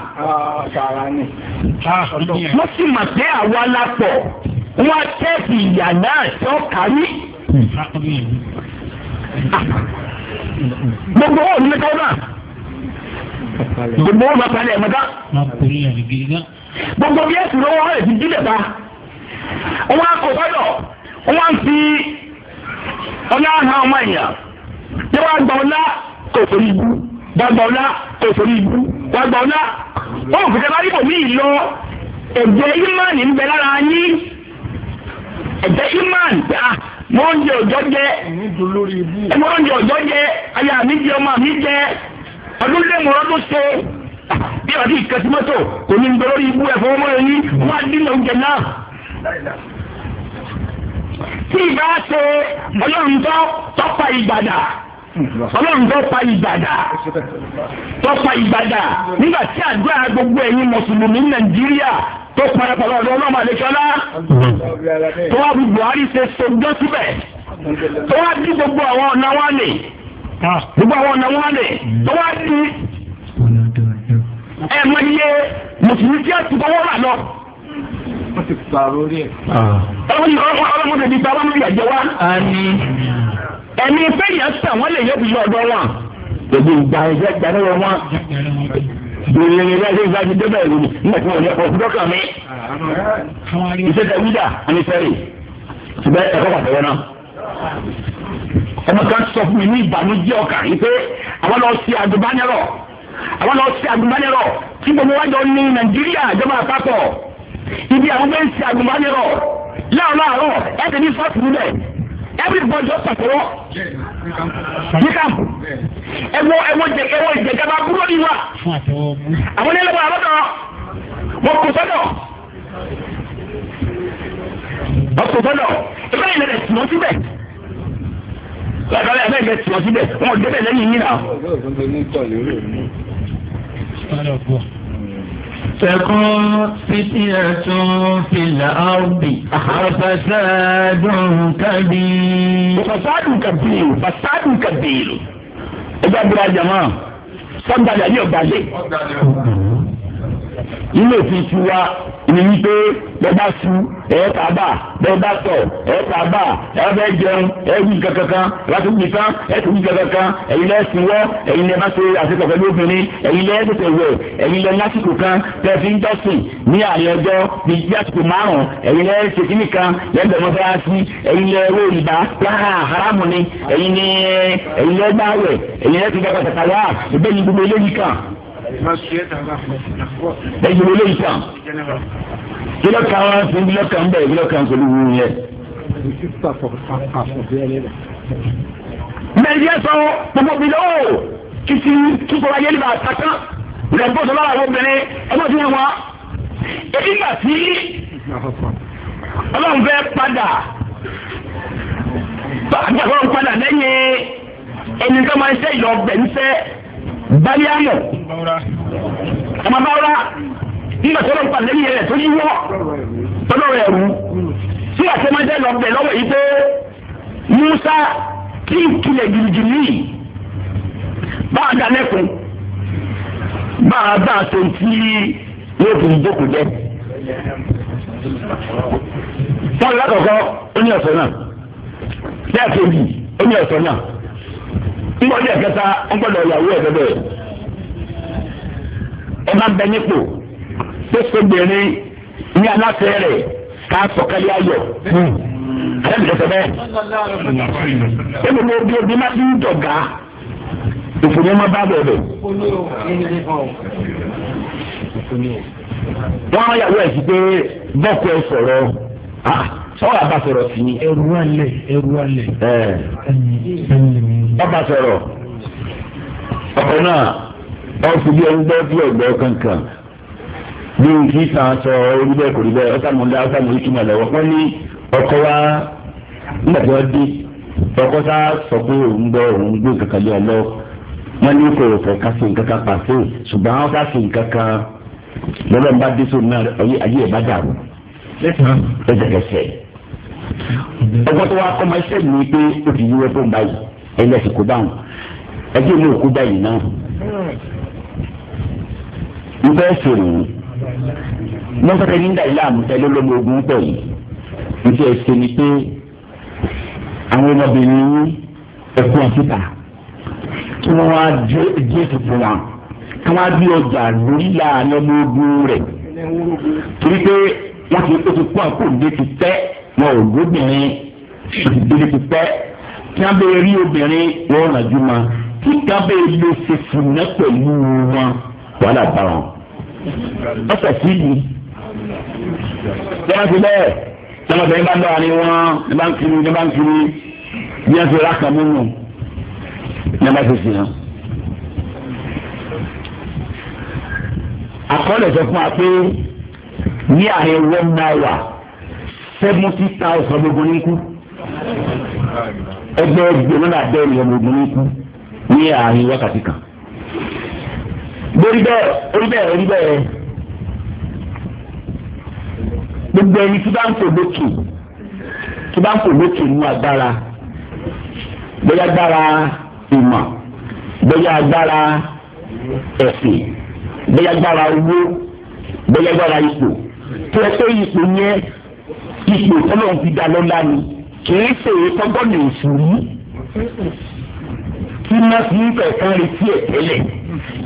wọ́n sì mà pé àwa lápọ̀ wọ́n tẹ́sí ìyà náà tó kárí. gbogbo wọn ò ní mẹ́ta náà gbogbo wọn bá palẹ̀ ẹ̀ mọ́ta gbogbo bí ẹ̀sìn lọ́wọ́ rẹ̀ ti dílé ta. wọn akọ gbọ́dọ̀ wọn fi ọlá hàn ọmọ èèyàn yẹ wọn gbà ọlá kò sórí ibú wọn ọlá kò sórí ibú wọn ọlá wọn fìkẹ́ lọ ń bẹ lára yín a mo ń jẹ ọjọ́ jẹ ẹ mo ń jẹ jẹ jẹ ọmọ jẹ ọdún lé tí ìbá ṣe ọlọ́ǹtọ́ tọ́pa ìgbàdà ọlọ́ǹtọ́ pa ìgbàdà tọ́pa ìgbàdà nígbà tí àdúrà gbogbo nàìjíríà tó parapọ̀ lọ́dọ̀ ọlọ́mọ àlejòlá tó wá bí buhari ṣe síbẹ̀ tó wá gbogbo àwọn ọ̀nà wa lè gbogbo àwọn ọ̀nà wa lè tó wá ẹ̀mọ iye wọ́n ti pààrọ̀ orí ẹ̀. ọmọ nìkan fún ọlọ́mọ tẹ̀lé ìta wọn fìyà jẹ wá. àmì. ẹni fẹ́yà sàn wọ́n lè yẹ kúyọ ọ̀dọ́ wọn. gbogbo ìgbà ìgbà ìgbà náà wọn. Bèrè ní ilé ìgbà ti débẹ̀ ìlú nígbà tí wọ́n yẹ kọ́ dọ́kà mi. Ìṣèjọ wíjà àmì sẹ́rì. Ṣùgbọ́n ẹ̀kọ́ pàtẹ́wọ́ náà. Ọmọ kan sọ fún mi ní ìbànújẹ́ ọkàn yìí pé àwọn lọ sí àgùnbánirọ̀ àwọn lọ sí àgùnbánirọ̀ tí gbogbo wájọ ní Nàìjíríà ìjọba àpapọ̀ ibi àwọn bẹ́ẹ̀ ń ṣe àgùnbánirọ̀ láàárọ̀ ẹ̀sẹ̀ ní sọ́ọ̀tù níbẹ̀ everybody just sọ̀tọ̀rọ̀ yíkàm ẹ̀wọ̀ ẹ̀wọ̀ jẹ ẹ̀wọ̀ ìjẹ̀jẹ̀ba búrò ní wa àwọn ilé ẹ̀wọ̀ àlọ́dọ̀ wọn kò sọ́dọ̀ wọn kò sọ́dọ̀ ìfẹ́ ìlẹ̀ rẹ̀ tìmọ̀ síbẹ̀ lọ́dọ̀ ẹ̀fẹ́ ìlẹ̀ tìmọ̀ síbẹ̀ wọn ò débẹ̀ lẹ́yìn yín náà. تكون فتنة في الأرض وفساد كبير وفساد كبير فساد كبير إذا برا جماعة صدق يا بازي ilé fi ti wá ni wípé bẹ́ẹ̀ bá su ẹ̀ ta bá bẹ́ẹ̀ bá tọ̀ ẹ̀ ta bá ẹ̀ bẹ́ẹ̀ jẹun ẹ̀ wí kankankan láti wí kan ẹ̀ tó wí kankankan ẹ̀yin lẹ́ẹ̀ sìn wọ́ ẹ̀yin lẹ́ẹ̀ bá ṣe àṣepọ̀ pẹ̀lú obìnrin ẹ̀yin lẹ́ẹ̀ tètè wẹ̀ ẹ̀yin lẹ́ẹ̀ lásìkò kan tẹ̀ fi ń dọ́sìn ní àyè ọjọ́ bíi bí àsìkò márùn ẹ̀yin lẹ́ẹ̀ ṣe kíní kan lẹ́ẹ̀bẹ̀ mọ́sálásí ẹ̀yin lẹ́ẹ̀ wọ ìbá láhà haramu ni ẹ̀yin lẹ́ẹ̀ gbáwẹ̀ ẹ̀yin lẹ́ẹ̀ ti gbàgbà tàkàlá ìbẹ́yìn gbogbo eléyìí kan ẹ̀yìn olóyè sàn kílọ̀ kan wá sí kílọ̀ kan bẹ́ẹ̀ kílọ̀ kan pẹ̀lú wúwo yẹn. mẹ́rin yẹn sọ gbogbo mi lọ́wọ́ kìsì kíkọ́ ayé ni bàa sàkán rẹ̀ bọ́ sọ́lá àwọn obìnrin ẹgbẹ́ tí wọ́n wá. èyí gbà sí ọlọ́run fẹ́ padà àgbàkọ́ padà lẹ́yìn ẹni tó máa ń ṣe ìlọ ọgbẹ̀ ń fẹ́ baliamu ọmọ bawura nígbà tó lọ́n pàdé yẹrẹ tó yí wọ́ tọ́lọ́ rẹ̀ rú sí àtẹ́mọ́jẹ́ lọ bẹ̀ lọ́wọ́ yìí pé Musa kí n kilẹ̀ gidigidi bá a dá lẹ́kùn bá a bá a tó ń fi yóò fi ìjókòó jẹ. wọ́n lọ́kọ̀ọ́kọ́ ó ní ọ̀sán náà lẹ́ẹ̀kejì ó ní ọ̀sán náà. ńgbọ́dọ̀ ẹ̀kẹta ńgbọ́dọ̀ ìyàwó ẹ̀ bẹ́bẹ̀ ẹ máa ń bẹ nípò tó ka ní aláṣẹ rẹ̀ na sọ̀kalẹ̀ ayọ̀ ẹ̀ẹ́dẹ̀ hmm. sọ bẹ́ẹ̀ ẹ̀ẹ́dẹ̀ mo bí obi má ti ń dọ̀gá bá ọba sọ̀rọ̀ ọ̀rọ̀ náà ọ̀sùn bí ẹni gbọ́ bí ọ̀gbọ́ kankan bí o kì í tàn sọ orí bẹ́ẹ̀ kò rí bẹ́ẹ̀ ọ̀sàmúlá ọ̀sàmúlá ìtumọ̀ lọ́wọ́ wọ́n ní ọkọ wa nígbà tí wọ́n dé ọkọ sá sọ pé òun gbọ́ òun gbé kankan lé ọlọ́ wọ́n ní kò fẹ́ ká sí nǹkan kan pàṣẹ ṣùgbọ́n wọ́n ká sí nǹkan kan lọ́dọ̀ ń bá dé sóun náà ayé ẹ̀ bá dàrú ẹ̀jẹ̀ kẹsẹ̀ ọkọ tó wá kọ́ máa ṣẹ́ ẹlẹ́sìn kó bá wọn ẹjẹ́ mi ò kó báyìí náà n bẹ́ẹ̀ sọ̀rọ̀ yìí lọ́sọ̀rọ̀ ní dàí láàmú tẹ́lẹ̀ lọ́mọ ogun pọ̀ yìí n ti ẹ̀ ṣe ni pé àwọn ọmọbìnrin yín ẹ̀kọ́ àfíkà kí wọ́n wá dé tuntun wọn kí wọ́n bí ọjà lórí láàrin ọmọ ogun rẹ̀ torí pé wọ́n ti kó ti ti tẹ́ wọn ò gbóbìnrin òdìdí ti tẹ́ kí wọ́n bẹ rí obìnrin wọ́n ràn jù ma tí kan bẹ lè ṣe fúnná pẹ̀lú wọn wàhálà bá wọn. ọ̀sẹ̀ sí yìí lọ́wọ́ ti bẹ́ẹ̀ lọ́wọ́ tẹ̀lé bá ń dọ̀wà ní wọn ní bá ń kiri ní bá ń kiri bí wọ́n ti rà kàn mímu ní bá ti sìn án. sọ fún wa pé ní ààrẹ one naira seventy thousand gbogbo ní kú ẹgbẹ́ ẹgbẹ̀rún náà bẹ́ẹ̀ ọmọ ogun ní kú ní àárín wákàtí kan. lórí bẹ́ẹ̀ orí bẹ́ẹ̀ orí bẹ́ẹ̀ gbogbo ẹni tí bá ń fò lókè tí bá ń fò lókè nínú agbára bóyá agbára ìmọ̀ bóyá agbára ẹ̀sìn bóyá agbára owó bóyá agbára ipò tó ẹ pé ipò yẹn ipò tọ́lọ́run fi dá lọ́lá ni kìí ṣe tọ́gbọ́nì òṣèlú tí má fi ń kẹ̀kẹ́ retí ẹ̀ tẹ́lẹ̀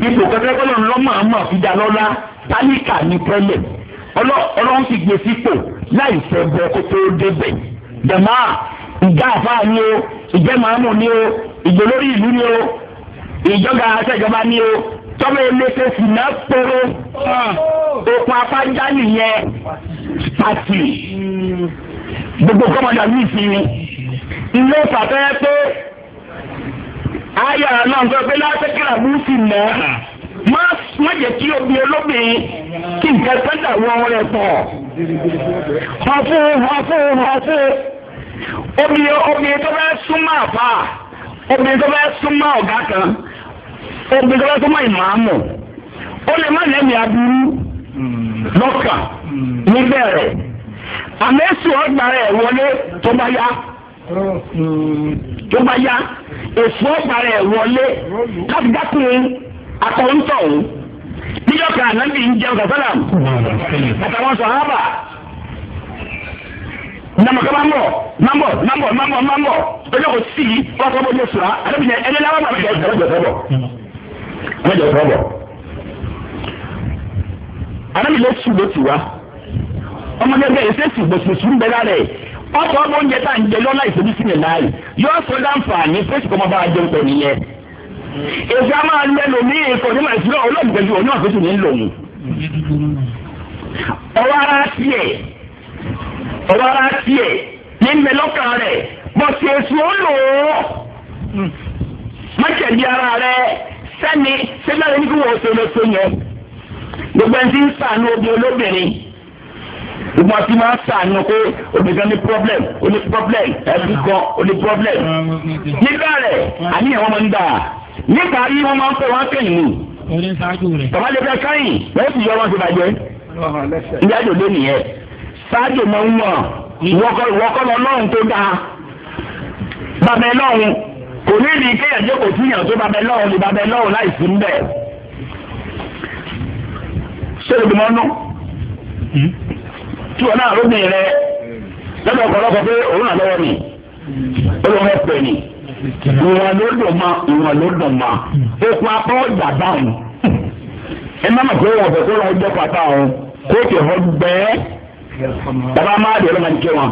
ipò kẹ́kẹ́ kọ́lọ́ ń lọ́mọ àmọ́ àfidà lọ́lá tálíkà ní tẹ́lẹ̀ ọlọ́run ti gbé sípò láì fẹ́ bọ́ kó tó débẹ̀ jẹ̀má ìjà àfáà ni o ìjẹ́ màámù ni o ìjọ lórí ìlú ni o ìjọba àtẹ̀jọba ni o tọ́mọ eléke sì ná péré òkun ah. afájá nìyẹn pàtì gbogbo kọ́mọdé ní ìsinmi ilé ìfàfẹ́ pé ayé àná nǹkan pé lásìkìlà búùsì mọ́ má jẹ́ kí obi olóbìnrin kí nǹkan sẹ́dá wọ́n rẹ̀ pọ̀ ọ̀fun ọ̀fun ọ̀fun obìnrin obìnrin tó bá súnmọ́ àfà obìnrin tó bá súnmọ́ ọ̀gá kan obìnrin tó bá súnmọ́ ìmáàmù ó lè má lẹ́mìí aburú lọ́kàn níbẹ̀rẹ̀. àmẹ́sù ọgbàrá ẹ̀ wọlé tó bá yá tó bá yá èsù ọgbàrá ẹ̀ wọlé láti dákùnrin akọ̀ǹtọ̀ níjọ́ kan ànábì ń jẹun sàtàlà àtàwọn mambo mambo mambo mambo mambo ọjọ́ kò sí yẹn ẹni láwọn bàbá yẹn yẹn ọmọdé bẹ́ẹ̀ ṣe sì gbòsùsùn bẹ́ẹ̀ lára ẹ̀ ọ̀pọ̀ ọmọ oúnjẹ tá à ń jẹ lọ́la ìṣèlú sílẹ̀ láàyè yóò sọ láǹfààní fẹ́ẹ̀sì kọ́ máa bá a jẹun pẹ̀ nìyẹn. èsì a máa lẹ́nu ní ikọ̀ ní màìsí náà olóògbẹ̀jú òní àfẹ́sù ní lòun. ọwọ́ ara tiẹ̀ ọwọ́ ara tiẹ̀ ní mẹ́lọ́kà rẹ̀ bọ̀sì èsì ó lò ó. mákẹ́lì ara rẹ̀ sẹ́ni sẹ́ni láti ní kí wọ́n ṣe lọ́sọ yẹn gbogbo ẹni tí ń sàánú obìnrin olóbìnrin gbogbo àti máa sàánú pé obìnrin ní problem oní problem ẹbí kan oní problem nígbà rẹ àníyàn wọn máa ń dà nígbà yìí wọn máa ń pè wọn kẹ́yìn mu bàbá fẹ́ kẹ́yìn bẹ́ẹ̀ sì yọ wọn ti bàjẹ́ ìyá àjò lé nìyẹn sáájò máa ń wọ̀n wọ́kọ́ lọ lọ́run tó dáa bàbá lọ́run kò ní ní kéèyàn jẹ́ kò túyàn tó bàbá lọ́run lè bàbá lọ́run láì sí mbẹ́ ṣé o dùn mọ́ nú tí wọn náà lómi rẹ lọ́dọ̀ ọ̀pọ̀lọpọ̀ pé òun náà lọ́wọ́ mi ó lọ́wọ́ pẹ̀ ni ìwọ̀n ló dùn ma ìwọ̀n ló dùn ma okun apá ọjà dáhùn ẹ má mà pé wọ́n fẹ́ kó lọ́wọ́ jẹ́ pàtà ọ̀hún kóòtù ẹ̀fọ́ gbẹ́ẹ́ baba maa di ọlọmọ nìkẹ wọn.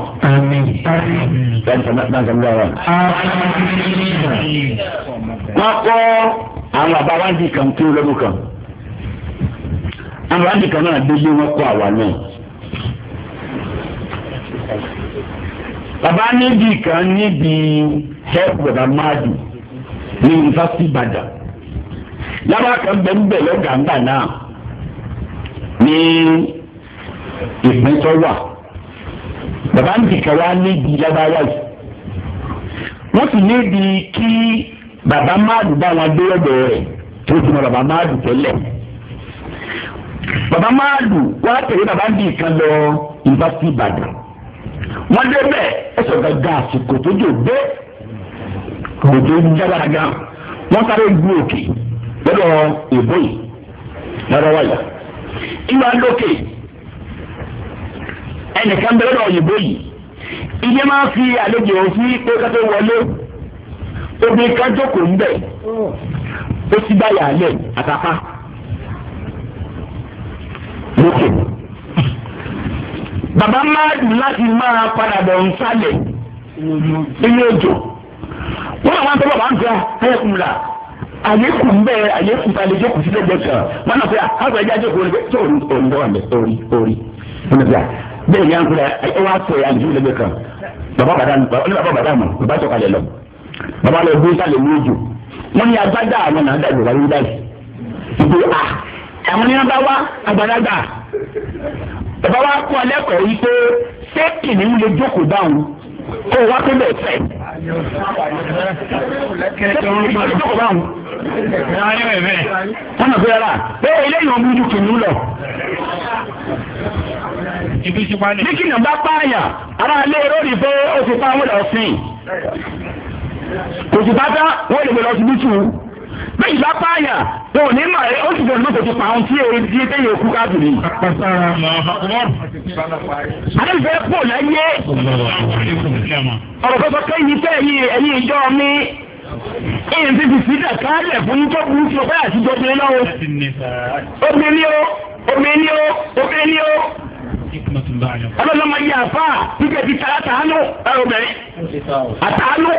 wọn kọ àwọn bàbá wa ń di kan kí wọn lọ́dún kan àwọn bàbá wa kan náà dédé wọn kọ àwa náà. bàbá níbi kan níbi help bàbá máàdù ní Bada. ìbàdàn kan bẹ́ẹ̀ lọ́gàá ńgbà náà ní ìpínsọ́ wà bàbá níbi kan wá níbi lábáwá yìí wọ́n sì níbi kí bàbá máàdù bá wọn dé ọ̀dọ̀ rẹ̀ tó ti mọ bàbá tẹ́lẹ̀ bàbá wá wọ́n débẹ̀ ẹsẹ̀ gàgà àsìkò tó jò dé kòtò jábára gan wọ́n sáré gbú òkè lọ́dọ̀ èbó yìí lọ́dọ̀ wáyà ìgbà lókè ẹnìkan bẹ lọ́dọ̀ òyìnbó yìí ìdí máa fi àlejò sí pé ká tó wọlé obìnrin kan jókòó ń bẹ̀ ó sì báyà lẹ̀ àtàpá lókè. Okay. baba máa dùn láti máa padà bọ̀ nsálẹ̀ nínú òjò wọ́n àwọn àti bàbá ń fẹ́ ẹ̀kún la àyẹ̀kùn ń bẹ́ àyẹ̀kùn ta lè kan wọn náà fẹ́ ah, àwọn ẹ̀jẹ̀ àjẹkùn orí tó orí orí tó orí orí wọn náà fẹ́ bẹ́ẹ̀ ni à ẹ wá sọ àlejò lẹ́gbẹ̀ẹ́ kan bàbá bàdá ní bàbá bàdá mọ̀ bàbá tó kalẹ̀ lọ bàbá lọ gbé sálẹ̀ ní wọn àwọn yẹn bá wá àgbàlagbà bàbá wa kọ́ ẹlẹ́kọ̀ọ́ yìí pé ṣé kìnìún lè jókòó dáhùn kó wá tó lè fẹ́. wọ́n nà fẹ́ràn pé eléyìí wọn bójú kìnìún lọ. bí kìnìún bá pààyàn ará ilé lórí pé ó ti pa àwọn ọ̀sìn kò sì bá dá wọ́n lè lọ síbí tù ú bẹ́ẹ̀ bá pààyàn tó ní mà ẹ́ ó sì fẹ́ lóko ti pa ohun tí èrè di ẹ̀yẹ kú káàkiri. adébífẹ́ pò láyé ọ̀rọ̀ pẹ́pẹ́ kẹ́yìn tẹ́ ẹ̀yìn ẹ̀yìn ìjọ mi èyí ti fi sídà káàlẹ̀ fún tó burú tó fẹ́ àtijọ́ bí lọ́wọ́ obìnrin o obìnrin o obìnrin o ọlọ́lọ́mọ yìí àfà pípẹ́ ti tààtà ánú ẹ̀rọ bẹ̀rẹ̀ àtàánú.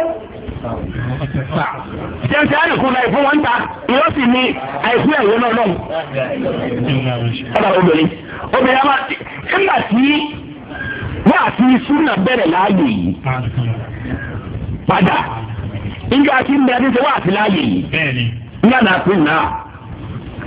jẹ́nsì àìkún na ìfún wọn ń ta ìyọ́ sì ni àìkún ẹ̀wọ́ náà lọ́wọ́. ọ̀dà obìnrin obìnrin àmà nígbà tí wọ́n àti súnà bẹ̀rẹ̀ láàyè yìí padà nígbà tí ń bẹ̀rẹ̀ wọ́n àti láàyè yìí nígbà náà pín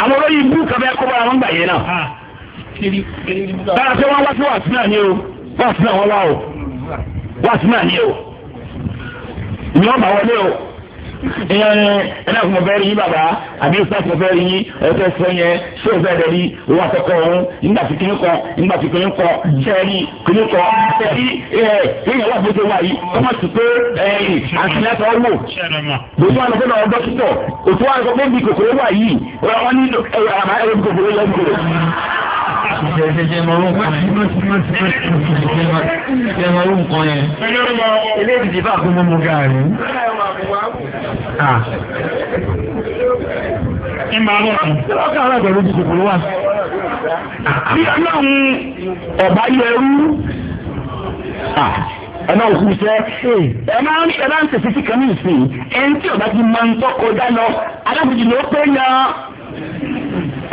àwọn olóyè ibú kàbẹ́ kó bára wọn gbà yẹn náà. Ah, bára pé wọ́n wá sí wàásù náà ni o wàásù náà wọ́n wá o wàásù náà ni o ìyọ́n bá wọlé o ìyẹn ni ẹnà kò mọ fẹ́ rí yín bàbá àbí ìsá kò fẹ́ rí yín ẹ̀fẹ́ sọ yẹn ṣé o fẹ́ rẹ̀ rí owó àtọkọ̀ ọ̀hún nígbà tí kìnnì kọ nígbà tí kìnnì kọ sẹ́ẹ̀rì kìnnì kọ sẹ́ẹ̀rì ẹ̀ yíyan wà bóṣe wà yìí ọmọ sì pé ẹ̀yìn àtìlẹ́tọ̀ wò bóṣe wà lọ́sọ̀rọ̀ ọ̀dọ́ títọ̀ òtú wà lọ́sọ̀ pé bí kòkòrò wà yìí wọ́n ní ẹ̀yà àmà ẹ̀rọ kòkòrò yẹ kòkòrò. Ṣé ẹ Ah. ẹ máa bọ̀ lọ́kàn ara pẹ̀lú ti kòkòrò wa. bí ọlọ́run ọ̀bá yẹ rú ah. ẹ máa kú sẹ ẹ máa ń ẹ máa ń tẹ̀sí sí kan ní ìsìn ẹni tí ọba ti máa ń tọkọ dá lọ alábòjì ló pé yan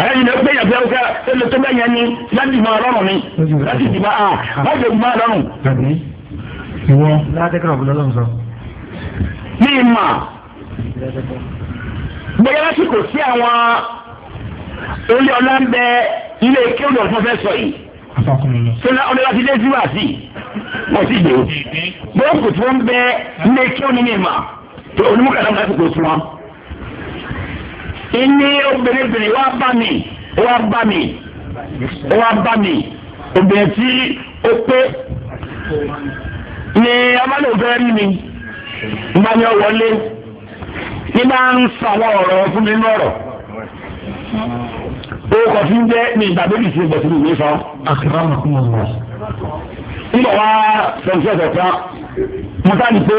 ẹ̀yìn ló pé yan bí ọkọ ẹlò tó bẹ yẹn ni láti máa rọrùn ni láti ti máa láti ah, ti máa rọrùn. ìwọ ládẹ́kọ̀ọ́ bí lọ́lọ́run sọ. mi ma gbẹ̀yẹ lásìkò sí àwọn olè ọlá ń bẹ ilé kéwòn ọ̀fọ́ fẹ́ sọ yìí sọlá ọlọ́lá ti dé síwá sí wọ́n sì dé o bọ́ọ̀ kò tí wọ́n bẹ ilé kéwòn ní ìmọ̀ tó onímọ̀kàlà ń lásìkò sí wọn. ìní obìnrin bìnrin wá bá mi wá bá mi wá bá mi obìnrin tí ó pé ni amálòfẹ́ rí mi ìgbà ni ọ wọlé ní bá ń sọ àwọn ọ̀rọ̀ fún mi lọ́rọ̀ ó kọ sí ń jẹ́ ní ìgbà bébì sí ìgbà tí mi sọ. nígbà wá sọ̀rọ̀ sọ̀rọ̀ kan mo sáà ní pé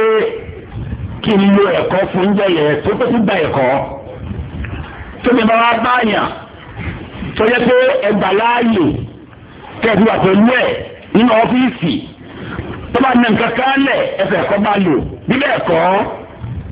kí n lo ẹ̀kọ́ fún jẹ́ yẹ tó tó ti gba ẹ̀kọ́ tó ní bá wá báyàn tó yẹ pé ẹgbà láàyè kẹ́ẹ̀dù wà pẹ̀lú ẹ̀ nínú ọ́fíìsì tó bá nà nǹkan kan lẹ̀ ẹsẹ̀ ẹ̀kọ́ bá lò níbẹ̀ ẹ̀kọ́.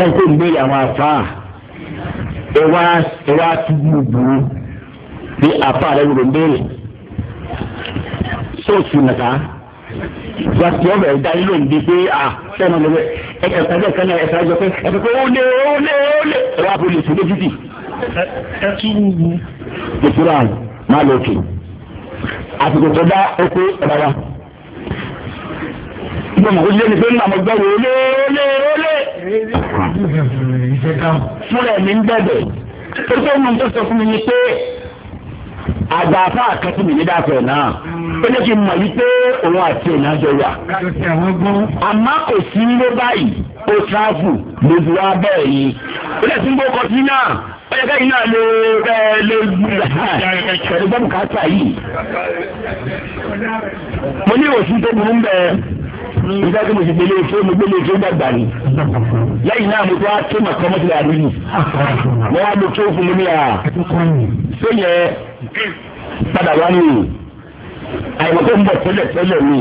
ẹni tó ń gbé àwọn àfáà ẹ wá ẹ wá túbú burú bí àfáà rẹ ló ń béèrè sóòtù nàká wàtí ọbẹ̀ ìdarí ló ń di pé à sẹ́nu lọ́wọ́ ẹ̀ka ìtajà kan náà ẹ̀ka ìjọ pé ẹ̀ka pé ó lé ó lé ó lé ẹ̀rọ àpòlì sí lójútì. ẹ túbú. ìtura máa lọ òkè àsìkò tó dá oko ọ̀rọ̀ wa tí mo mọ̀ kó lé ni pé ń làmọ́ gbẹ́rù olé olé olé. fúnra mi ń bẹ̀bẹ̀ tó tó mú tó sọ fún mi ni pé àgbà afá àkẹ́tù mi nígbà fẹ̀ náà ó ní kí n mọ̀ wípé òun àti òun àjọ wà. àmọ́ kò sí nílé báyìí ó tíráfù lójú wa bẹ́ẹ̀ ni ó lè tún gbókọ̀ sí náà ó yẹ káyìn náà lè bẹ́ẹ̀ lè gbúdà pẹ̀lú gbọ́dọ̀ káàtà yìí. mo ní òsì tó burú ń bẹ́ẹ̀ nígbà tí mo ti gbélé tó mo gbélé tó dàgbà ni lẹ́yìn náà mo tó wá tó mà kọ́ mọ́tò àrí ni mo wá lo tó fún mi ní à sóyẹ padà wá ní àyẹ̀wò tó ń bọ̀ tẹ́lẹ̀ tẹ́lẹ̀ mi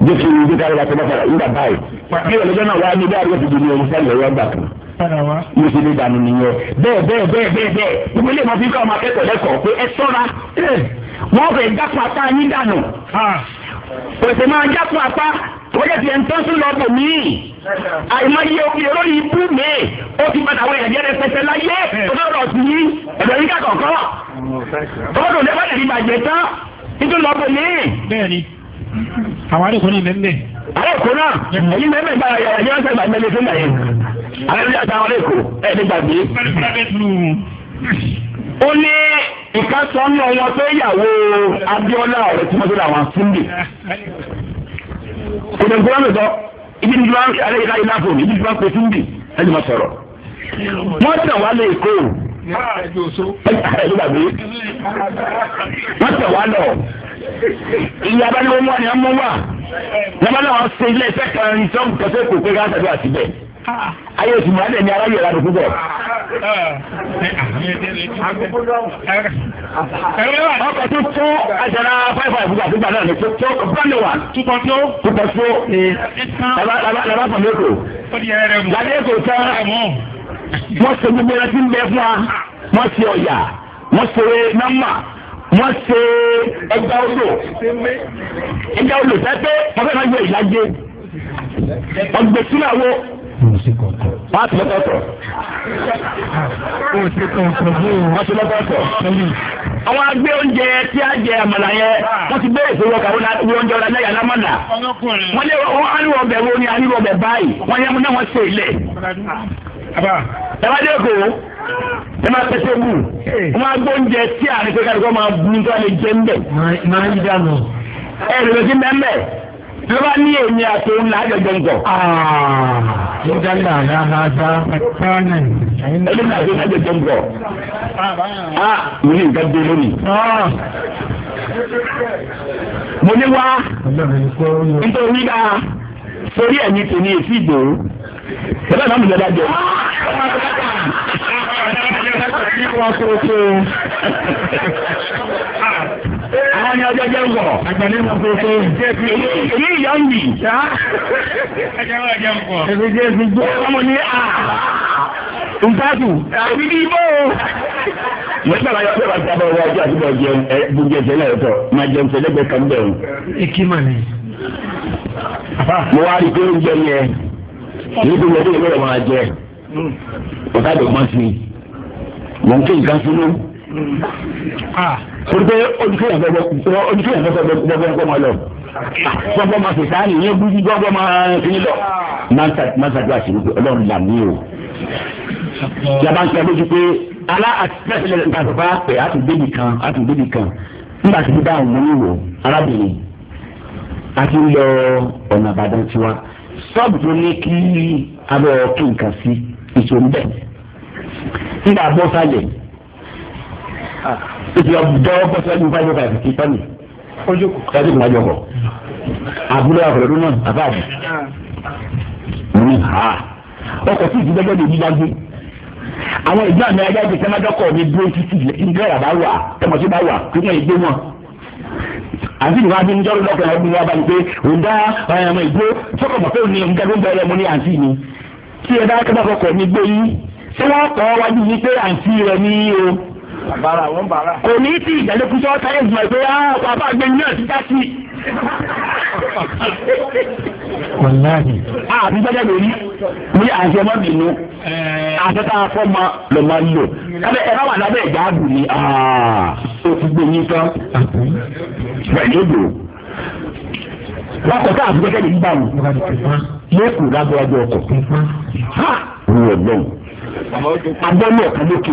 bí kí n bí ká lọ́wọ́ tó bá padà yíyá báyìí bí ọlọ́jọ́ náà wá ní bí àrùn ti di ní ọdún sálẹ̀ ọ̀rọ̀ gbà kan mo ti lè dànù nìyẹn bẹ́ẹ̀ bẹ́ẹ̀ bẹ́ẹ̀ bẹ́ẹ̀ bẹ́ẹ̀ gbogbo ilé ìmọ̀ fi ká ọmọ akẹ́kọ̀ọ́ lẹ́kọ̀ọ́ pé ẹ sọ́ra wọ́n fẹ́ jápa tá a yín dànù kò máa jápa pa wọ́n jẹ́ ti ẹ̀ ń tán sí lọ́ọ̀bù mi àìmọye omi olórí ibú mi ó ti padà wọ ìrẹ̀jẹ̀ rẹ pẹ̀sẹ̀ láyé ọlọ́rọ̀ sí i ẹ̀dọ̀ yín kàkọ́kọ́ ọlọ́dún lẹ́fọ́ ẹ̀rí bàjẹ́ tán nítorí lọ́ọ̀bù mi. bẹ́ẹ̀ni àwọn àríkò náà mẹ́mẹ́. àríkò náà èyí mẹ́mẹ́ gba yàrá yẹn sẹ́gbà mẹ́lẹ́ fún mẹ́yìn àríkò àtàwọn àríkò ẹ̀ẹ́dẹ́ gbàgbé. ó ní ìkásọ́nù ọmọ tó yàwó Abíọ́lá ọ̀rẹ́ tí wọ́n tó dà wọn fún mi ònà ìgbọ́n mi sọ ibi tí wọ́n alẹ́ yìí ká iná fún mi ibi tí wọ́n pèsè ń bì ẹni ma sọ̀rọ̀ wọ́n tẹ̀ wá lé èkó wọ́n tẹ̀ wá lọ ìyá abániwọ́n mú wa ni wọ́n mú wa wọ́n bá náà wọ́n ṣe ilé iṣẹ́ kan ní sọ́ọ̀bù kẹsẹ́ kò pé ká sàdúrà síbẹ̀ ayé oṣù máa dẹ̀ ní aráyè ọ̀la dùkú bọ̀. ọkọ̀ tó tó aṣara five five gbà fúgbà náà ní tó tó bọ́ọ̀lù wà. tukọ̀ tó. tukọ̀ tó. laba fún mi kò. lade kò tán. wọ́n ṣe gbogbo ẹran tí ń bẹ fún wa. wọ́n ṣe ọ̀yà. wọ́n ṣe nọ́mà wọ́n ṣe ẹgbẹ́ olò ẹgbẹ́ olò tẹ́tẹ́ wọ́n fẹ́ẹ́ máa yọ ìlàjẹ ọ̀gbẹ̀sílẹ̀ wo. wọ́n àwọn agbé oúnjẹ tí a jẹ àmàlà wọ́n ti bẹ̀rẹ̀ fún ọkà wọ́n oúnjẹ ọ̀la náírà lámàlà. wọ́n lé wọ́n aríwọ̀ ọbẹ̀ wo ni aríwọ̀ ọbẹ̀ báyìí wọ́n yẹ náà wọ́n ṣe ilẹ̀. ẹ máa pèsè bù máa tí ó bá ní èmi àti òun là á jẹjẹ ń jọ. ìdálẹ̀ àdáhàdá pẹ̀tẹ́rẹ́nì. ẹlẹ́mi àti òun là á jẹjẹ ń jọ. a mo ní nǹkan dé lónìí. mo ní wá nítorí dáa sórí ẹ̀mí tèmi èsì ìgbòho bẹ́ẹ̀ náà mi lọ dájọ́ wọ́n kúrò kúrò àwọn ni ọjọ́ jẹ́ wọ̀. àgbàlẹ́ mọ̀ pé èyí ìyá ń bì. ẹgbẹ́ jẹ́ wọ̀. ẹgbẹ́ jẹ́ fi ọmọ ní à ntatu àbí bí bó. Mọ̀tàlá yọ pé wàá sábà wá ọjọ́ àti bọ̀ jẹun ẹ̀jẹ̀ náà tọ̀ máa jẹun sẹ́lẹ̀gbẹ́ kan bẹ̀rù. Ìkímà ni. Mo wá rí i pé oúnjẹ yẹn níbi ìwé ìwé ìwé ìwé máa jẹ. Ọ̀tá àgbẹ̀ sí i. Mọ̀ n kí nǹkan fún un. Ah. torí pé olùkíyàn fẹ́ gbọ́ olùkíyàn fẹ́ gbọ́ gbọ́ máa lọ gbọ́ máa fi sáà nìyẹn gbúgbú gbọ́ máa fi lọ. máa ń ṣàdúrà sí wípé ọlọ́run là mí o. yàrá ń sọ lójú pé alá àtìlẹ́sílẹ̀ nǹkan àtọ́fà pé a tún débi kan a tún débi kan nígbà tí bíbá àwọn ọmọ wò arábìnrin a ti lọ ọ̀nà àbàdàn tiwa sọ́ọ̀bù tó ní kí abẹ́ kí nǹkan sí ìṣòro bẹ́ẹ̀ nígbà bọ́sálẹ̀ ètò ọ̀dọ́ bọ́sẹ̀ ní fáyọ̀ fàyà kì í tọ́ni kájú kò lájọ kọ̀ àbúrò àkọlẹ̀ ló náà àbá àbí. ha ọkọ̀ tí ìdí gbẹ́gbẹ́ lèmi dágbé àwọn ìjọ àmì ajá ti sẹ́mádọ́kọ̀ mi dúró títí ìdílé àbá wà tẹmọ̀tí bá wà kí wọ́n ìgbé wọn àti ìwà bí njọ́rọ̀ lọ́kọ̀ ọdún wa báyìí pé òǹda ọmọ ìgbó sọ́kọ̀ mọ̀ pé òní òǹda ló ń bẹ̀rẹ̀ mu ní àǹtí mi tí ẹ bá kẹ́kọ̀ọ́ kọ̀ mi gbé yín ṣé wọ́n kọ́ wájú yín pé àǹtí rẹ̀ ní o bàbára wọn bàbára. òní ti ìdálẹ́kùn sọ sáyẹ́nsì mọ̀ pé ah, bàbá àgbẹ̀ ní ọ̀sí dásì. wàláhì. Ah, àbí sọ́jà lórí ní àṣẹ mọ́ bínú eh. àṣẹ tá a fọ́ ma lọ́ máa lò lábẹ́ ẹ̀rọ wà lábẹ́ ìjáàbù ni ah, ó ti gbé yín tán pẹ̀lú ìdò lọ́kọ̀ọ́ká àbúkẹ́kẹ́ lè gbà wọ́n lẹ́kùn lágbọ́ọ́jọ́ ọkọ̀ ha ń wọ̀ gbọ́n àbẹ́lẹ̀ ọ̀kan lókè.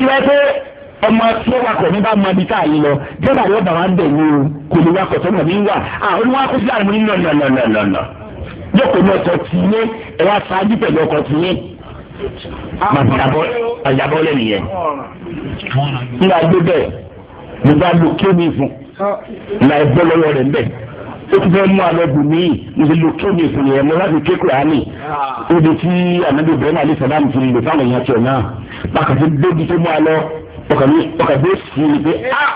tí wọ́n pé ọmọ tí wọ́n wakọ̀ nígbà máa bí táà yìí lọ dẹ́gbà yóò bàbá ń bẹ̀ ní o kò lè wakọ̀ tó mọ̀ ní wà àwọn oníwà kó sílẹ̀ àmì nínú nọ̀nọ̀nọ̀nọ̀ yọkọ̀ ní ọkọ̀ tì yé ẹ wá sáájú pẹ̀lú ọkọ̀ tì yé àjàbọ̀ lẹ́nu yẹn nígbà gbé bẹ́ẹ̀ nígbà lókè mi fún nígbà ẹgbẹ́ lọ́wọ́ rẹ̀ bẹ́ẹ̀ ó ti fẹ́ mú alẹ́ bù mí mo ti lo kéde ìpìlẹ̀ ẹ̀ mo láti ké kúránì odò ah. tí anabi ibrahim alayhi salam ti lò fáwọn èèyàn tiẹ̀ náà bákan tí débi tó mú alọ ọkàn mi ọkàn bí ó sì ní pé ah!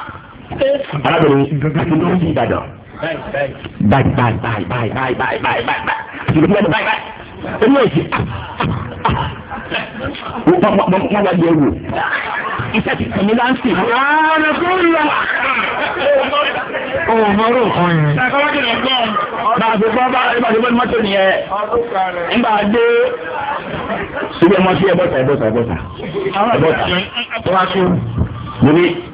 arábìnrin àti ló ń di ìbàdàn báyìí báyìí báyìí báyìí báyìí báyìí báyìí báyìí báyìí báyìí báyìí èmi ò sí wọ́n wá di ewu iṣẹ́ ti tẹ̀mí láǹtì. ààrẹ tó ń lọ. o mọ orí òkan yẹn. ṣàkóso kìlọ̀ gan. bàbá bọ́ bá ẹ bá ti bọ́ ní mọ́tò nìyẹn. ń bá a dé. ṣùgbọ́n mo ti ẹ bọ́ta ẹ bọ́ta ẹ bọ́ta. ẹ bọ́ta. tó wá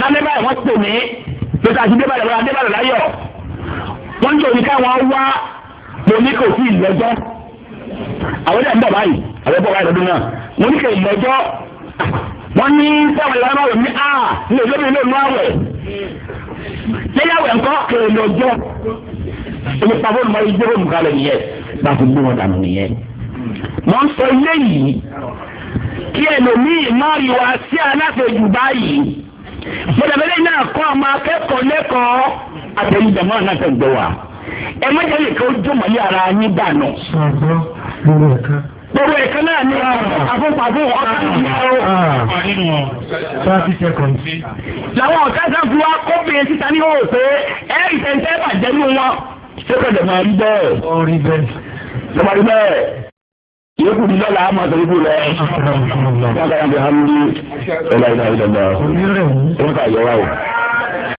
lálẹ́ báyìí wọ́n pè mí pẹ̀sẹ̀ àti débàlẹ̀ lọ́la débàlẹ̀ láyọ̀ wọ́n ní òní káwọn wá òní kò sí ìlẹ́jọ́ àwọn ìdá ń bọ̀ báyìí àwọn ìbọ̀ báyìí lọ́dún náà wọ́n ní kò ìlẹ́jọ́ wọ́n ní sáwọn ìlànà máa wẹ̀ mí à ní òjò mi lónìí àwẹ̀ lẹ́yàwẹ̀ ńkọ́ kò ìlẹ́jọ́ èmi pàbó ni mo yí gbéró nǹkan lẹ̀ nìyẹn bá a ti gbé wọn dànù nìyẹn mọ̀ ń sọ ilé yìí kí ẹlòmíì má rí wa sí báyìí mọ̀tàbẹ́lẹ́ náà kọ́ ọmọ akẹ́kọ̀ọ́ lẹ́kọ̀ọ́ àtẹ̀yìn jàmọ́ náà tẹ̀ ń gbọ́ wa ẹ má jẹ́ lè kó jọmọ̀lẹ́ ara yín dànù. Gbogbo ẹ̀ka náà ní àfọ̀pàfọ̀ ọ̀kan ìyàwó. Làwọn ọ̀ká sá fi wá kóbìnrin síta ní òwò pé ẹ̀rì tẹ̀ntẹ́ bàjẹ́ ní wọn. Ṣé kọ̀dọ̀ máa rí bẹ́ẹ̀? Ó rí bẹ́ẹ̀. Ṣé máa rí bẹ́ẹ̀? yóò di lọ́la àmọ́ sọ ibu rẹ̀ wọ́n kà yàn bí hamdi ọ̀la ìlà ìdàgbà ó ń kà yọ wa o.